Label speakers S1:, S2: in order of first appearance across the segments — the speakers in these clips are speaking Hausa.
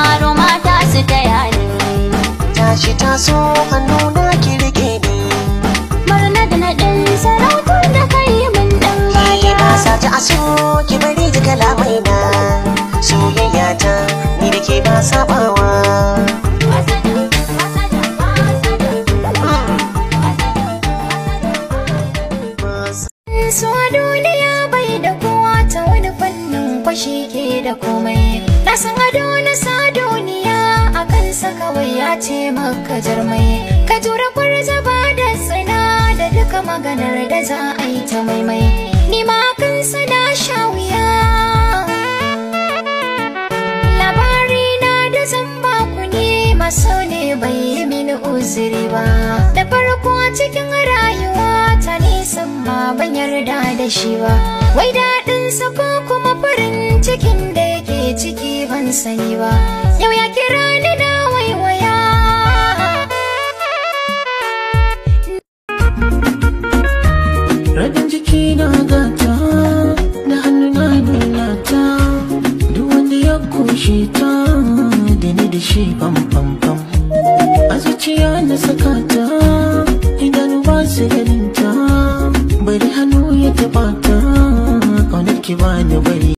S1: yaro mata su ta ni tashi taso hannu na kirge ni murna da naɗin sarautar da kai mun ɗan baya ba sa ta aso ki bari ji kalamai na soyayya ta ni da ke ba sabawa
S2: Suwa bai da kowa ta wani fannin kwashe ke da komai Kasan ado na sadoniya a kansa kawai ya ce maka jarmai Ka jura zaba da tsina da duka maganar da za a yi ta maimai Ni ma kansa na sha wuya Labari na da zamba ku ne maso ne bai yi mini uzuri ba Da farko cikin ara amma ban yarda da shi ba wai daɗin sa ko kuma farin cikin da yake ciki ban sani ba yau ya kira ni na waiwaya
S1: rabin jiki na gata da hannu na bulata duk wanda ya kushe ta da ni da shi pam pam pam a zuciya na sakata Mind bani way.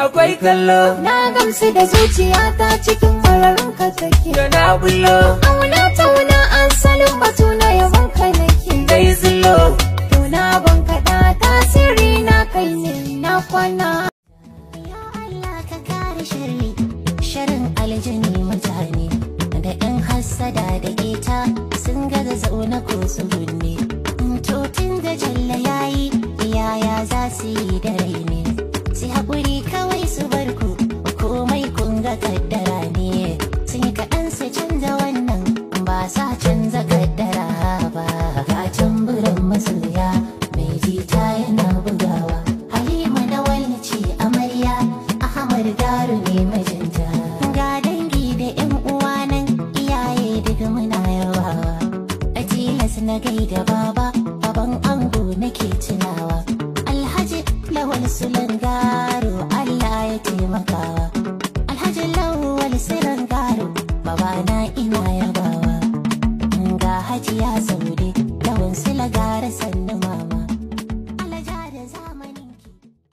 S2: akwai kallo na gamsu da zuciya ta cikin mararin ka take da na bullo auna wuna an salon batu na yawan ka nake
S1: yi zullo to na ban kada tasiri na kai ne na kwana ya Allah ka kare sharri sharin aljini mutane da yan hassada da geta sun gaza zaune ko su gunne mutotin da jalla yayi yaya za su yi da raina ba sa canza kaddara ba ga tamburan masoya mai jita yana bugawa halima na wani ce amarya ahmad daru ne mijinta ga dangi da yan uwa iyaye daga muna yawawa a tilas na gaida baba aban ango nake tunawa alhaji lawal sulan hajiya saude da wansu gara sannu mama